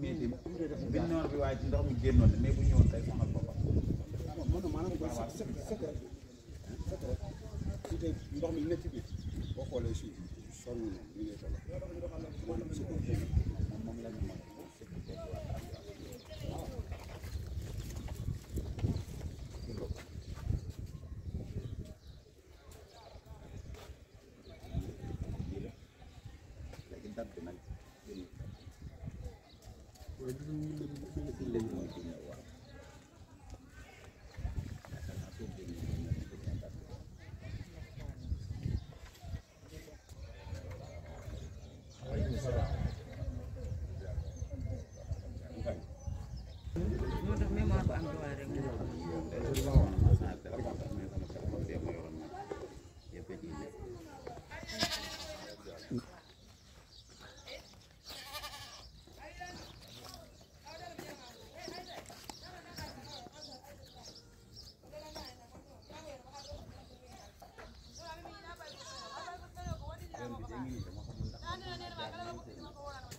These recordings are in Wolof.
métier bi bi noor bi waaye ci ndox mi génnoon na mais bu ñëwoon tey sonal boppam. waaw man maanaam mooy sa sa sa kër sa kër su ndox mi nekk bi boo xoolee fii sonn na ñu ngi toll maanaam su ko génn moom la ñu mën. വൈദ്യുതി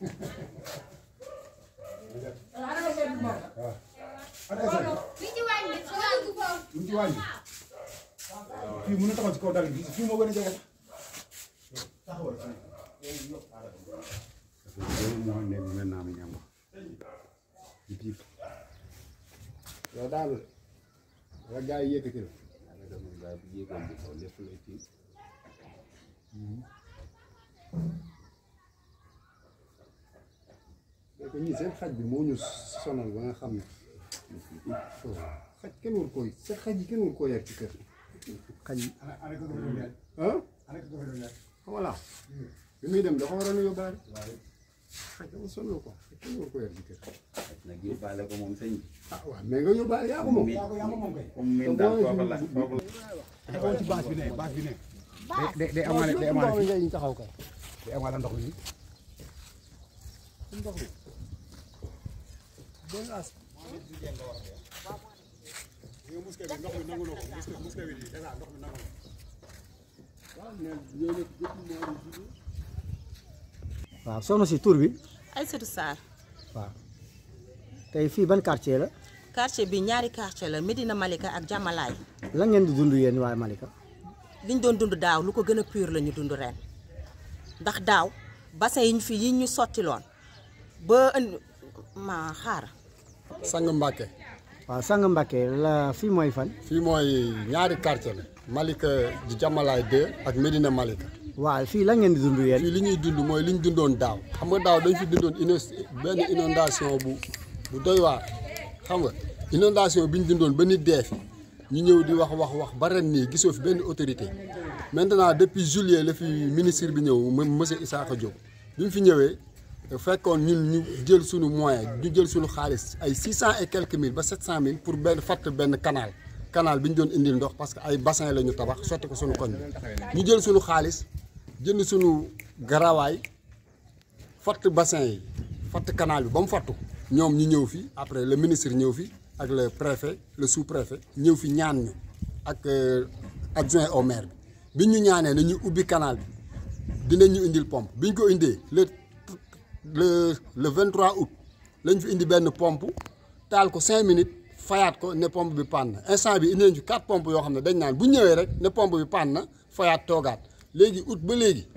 mu ci wàññi fii mën na taxaw ci kaw dal bi fii moo gën a jege taxawal yow daal la gaa yi yëkkati la gaa yi bu yëgoon bi kaw lépp lay tiim ko ñii seen xaj bi moo ñu sonal ba nga xam ne xaj kenn war koo seen xaj yi kenn war koo yar ci kër xaj yi ah voilà bi muy dem dafa waroon a yóbbaale xaj dama sonal ko xaj kenn war koo yar ci kër nag yóbbaale ko moom sëñ bi ah waaw mais nga yóbbaale yaa ko moom yaa ko moom kay comme min daal foofu la foofu la taxaw ci bâche bi ne bâche bi ne day day amaale day amaale taxaw kay day amaale ndox mi ndox mi waaw ñoom ñoo si tur bi. Aïssatou Sarr. waaw tey fii ban quartier la. quartier bi ñaari quartier la Medina Malika ak Jamalaay. lan ngeen di dund yéen waaye Malika. liñ doon dund daaw lu ko gën a pur la ñu dund ren ndax daaw bassin yi ñu fi ñu sottiloon ba ënd ma xaar. sang Mbacke. waaw sang Mbacke la fii mooy fan. fii mooy ñaari quartier la. Malika Jamalaay 2 ak Medina Malika. waaw fii la ngeen di dund yéen. fii li ñuy dund mooy li ñu dundoon daaw. xam nga daaw dañ fi dundoon ino benn inondation bu bu doy waar xam nga inondation bi ñu dundoon ba nit dee ñu ñëw di wax wax wax ba nii gisoo fi benn autorité maintenant depuis juillet la fi ministre bi ñëw monsieur Issakha Diop bi mu fi ñëwee. fekkoon ñun ñu jël suñu moyen ñu jël suñu xaalis ay 600 et quelques mille ba 700 mille pour benn fatt benn canal canal bi ñu doon indil ndox parce que ay bassin la ñu tabax sotti ko suñu koñ bi ñu jël suñu xaalis jënd suñu garawaay fatt bassin yi fatt canal bi ba mu fattu ñoom ñu ñëw fi après le ministre ñëw fi ak le préfet le sous-préfet ñëw fi ñaan ñu ak euh, adjoint au maire bi bi ñu ñaanee ubbi canal bi dinañu indil pompe biñ ko indee le le le 23 août lañ fi indi benn pompe tal ko 5 minutes fayat ko ne pompe bi panne instant bi indi nañ 4 pompe yo xamne dañ naan bu ñëwé rek ne pompe bi panne fayat togat légui léegi août ba légui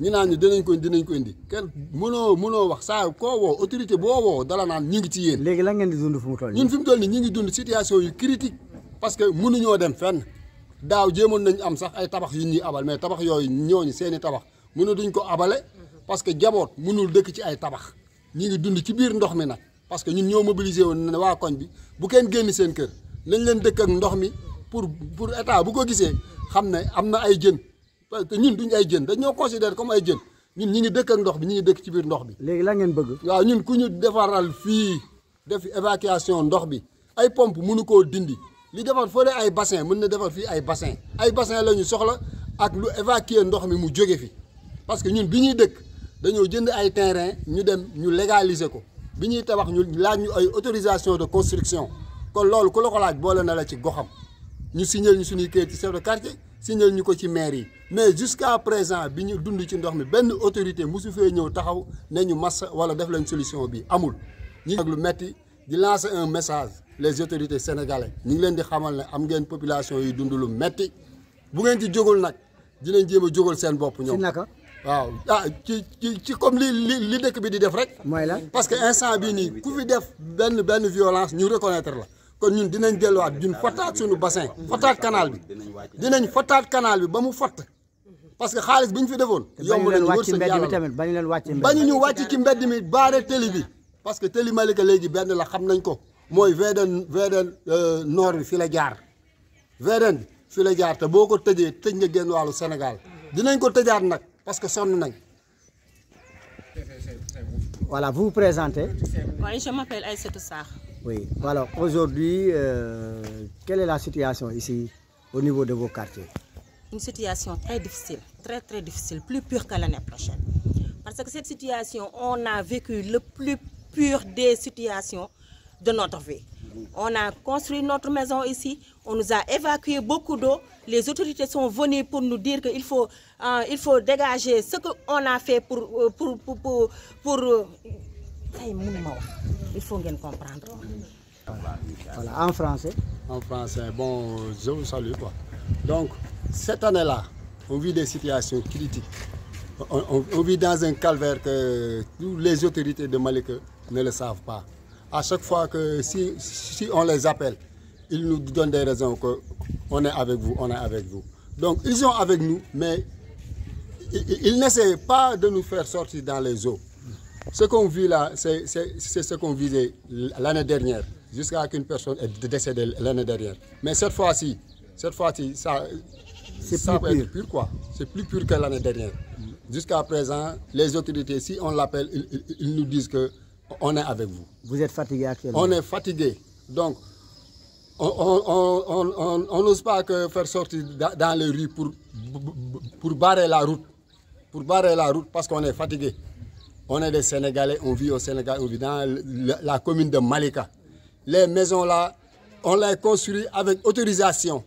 ñu naan ñu dinañ ko dinañ ko indi kenn mëno mëno wax sa ko woo autorité bo woo dala naan ñi ngi ci yeen légui la ngeen di dund fu mu toll ñun fi toll nii ñu ngi dund situation yu critique parce que mënu ñoo dem fenn daaw jéemoon nañ am sax ay tabax yu ñi abal mais tabax yoy ñoo ñi seeni tabax mënu duñ ko abalé parce que jaboot mënul dëkk ci ay tabax ñi ngi dund ci biir ndox mi parce que ñun ñoo mobiliser nous, ne nous koñ bi bu kenn génn seen kër nous leen dëkk ak ndox mi pour pour état bu ko ne ay jën parce que ñun duñ ay jën ñoo comme ay nous nous ñi ngi dëkk ak ndox bi nous sommes dëkk ci biir ndox bi. nous la ngeen bëgg. waaw ñun ku ñu défaral nous def évacuation ndox bi ay pompe mënu nous dindi li défar nous ay bassin mën na défar ay bassin ay bassin soxla ak lu évacuer ndox mi mu fi parce que nous, bi ñuy dañoo jënd ay terrain ñu dem ñu légaliser ko bi ñuy tabax ñu laaj ñu ay autorisation de construction kon loolu ku la ko laaj boole na la ci goxam ñu signal ñu suñuy kayit ci chef de quartier signal ñu ko ci maire yi mais jusqu'à présent bi ñu dund ci ndox mi benn autorité mosu fee ñëw taxaw ne ñu massa wala def leen solution bi amul ñi ak lu metti di lancer un message les autorités sénégalaises ñu ngi leen di xamal ne am ngeen population yi dund lu metti bu ngeen ci jógul nag dinañ jéem a jógal seen bopp ñoom waaw ah ci ci ci comme li li li dëkk bi di def rek. mooy la parce que instant bii nii ku fi def benn benn violence ñu reconnaître la kon ñun dinañ delluwaat ñun fottaat suñu bassin. fottaat canal bi dinañ fottaat kanaal bi ba mu fott. parce que xaalis bi ñu fi defoon. yomb nañu wër sëñ yàlla tamit bañu leen wàcc ci mbedd mi bañu ñu wàcc ci mbedd mi baare tëli bi. parce que tëli Malika léegi benn la xam nañ ko mooy VDN VDN euh, noor bi fi la jaar VDN fi la jaar te boo ko tëjee tëj nga génn wàllu Sénégal dinañ ko tëjaat nag parce que c'est pas. voilà vous vous présentez. Oui, je m'appelle Aïssatou Oui, alors aujourd'hui, euh, quelle est la situation ici au niveau de vos quartiers Une situation très difficile, très très difficile, plus pure que l'année prochaine. Parce que cette situation, on a vécu le plus pur des situations de notre vie. On a construit notre maison ici. On nous a évacué beaucoup d'eau. Les autorités sont venues pour nous dire qu'il faut, euh, il faut dégager ce qu'on a fait pour... Euh, pour, euh, il faut bien comprendre. Voilà. en français. En français, bon, je vous salue. Donc, cette année-là, on vit des situations critiques. On, vit dans un calvaire que les autorités de Malik ne le savent pas à chaque fois que si, on les appelle, ils nous donnent des raisons que on est avec vous, on est avec vous. Donc ils sont avec nous, mais ils, n'essaient n'essayent pas de nous faire sortir dans les eaux. Ce qu'on vit là, c'est ce qu'on visait l'année dernière, jusqu'à qu'une personne ait décédé l'année dernière. Mais cette fois-ci, cette fois-ci, ça, c'est plus être pur quoi. C'est plus pur que l'année dernière. Jusqu'à présent, les autorités, si on l'appelle, ils, nous disent que on est avec vous. Vous êtes fatigué actuellement On est fatigué. Donc, on n'ose pas faire sortir dans les rues pour, pour barrer la route. Pour barrer la route parce qu'on est fatigué. On est des Sénégalais, on vit au Sénégal, on vit dans la commune de Malika. Les maisons là, on les construit avec autorisation.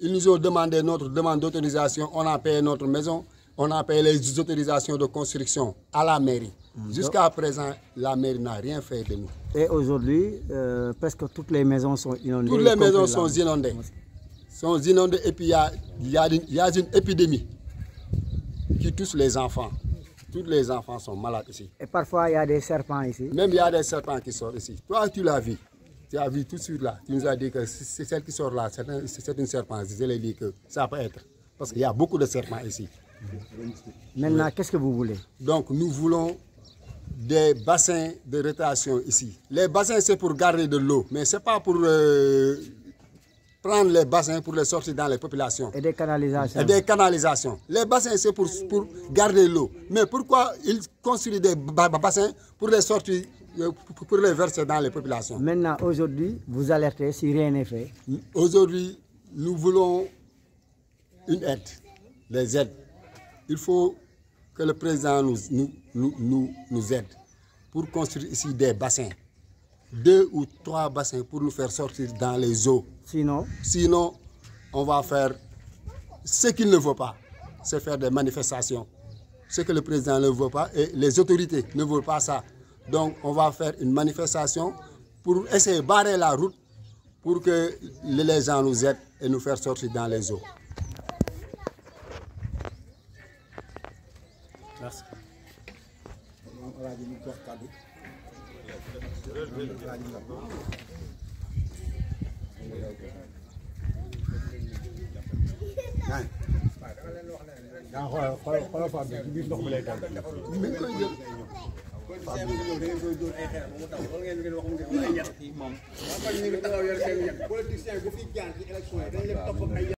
Ils nous ont demandé notre demande d'autorisation, on a payé notre maison on a payé les autorisations de construction à la mairie. Mhm. Jusqu'à présent, la mairie n'a rien fait de nous. Et aujourd'hui, euh, presque toutes les maisons sont inondées. Toutes les maisons sont inondées. Sont inondées et puis il y a, une épidémie qui touche les enfants. Tous les enfants sont malades ici. Et parfois, il y a des serpents ici. Même il y a des serpents qui sortent ici. Toi, tu l'as vu. Tu as vu tout de suite là. Tu nous as dit que c'est celle qui sort là, c'est une serpent. Je l'ai dit que ça peut être. Parce qu'il y a beaucoup de serpents ici. Maintenant, qu'est-ce que vous voulez Donc, nous voulons des bassins de rétention ici. Les bassins, c'est pour garder de l'eau, mais ce n'est pas pour euh, prendre les bassins pour les sortir dans les populations. Et des canalisations. Et des canalisations. Les bassins, c'est pour, pour garder l'eau. Mais pourquoi ils construisent des bassins pour les sortir euh, pour les verser dans les populations. Maintenant, aujourd'hui, vous alertez si rien n'est fait. Aujourd'hui, nous voulons une aide, les aides il faut que le président nous, aide pour construire ici des bassins. Deux ou trois bassins pour nous faire sortir dans les eaux. Sinon Sinon, on va faire ce qu'il ne veut pas, c'est faire des manifestations. Ce que le président ne veut pas et les autorités ne veulent pas ça. Donc on va faire une manifestation pour essayer de barrer la route pour que les gens nous aident et nous faire sortir dans les eaux. merci. moom El Hadj ñu jox kàddu daa xoolal xoolal xoolal Fap bi ci biir ndox mi lay tànn. mi ngi koy jël. Fap bi da ngeen koy jël ay xeer ba mu taw wala ngeen wax mu ngeen wala yàq moom. Fap bi ñu ngi taxaw yor seen yàq politicien bu fi jaar ci élection yi dañ leen topp ay